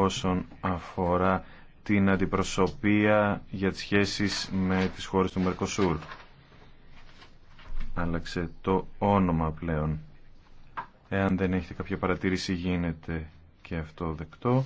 όσον αφορά την αντιπροσωπεία για τις σχέσεις με τις χώρες του Μερκοσούρ. Άλλαξε το όνομα πλέον. Εάν δεν έχετε κάποια παρατήρηση γίνεται και αυτό δεκτό.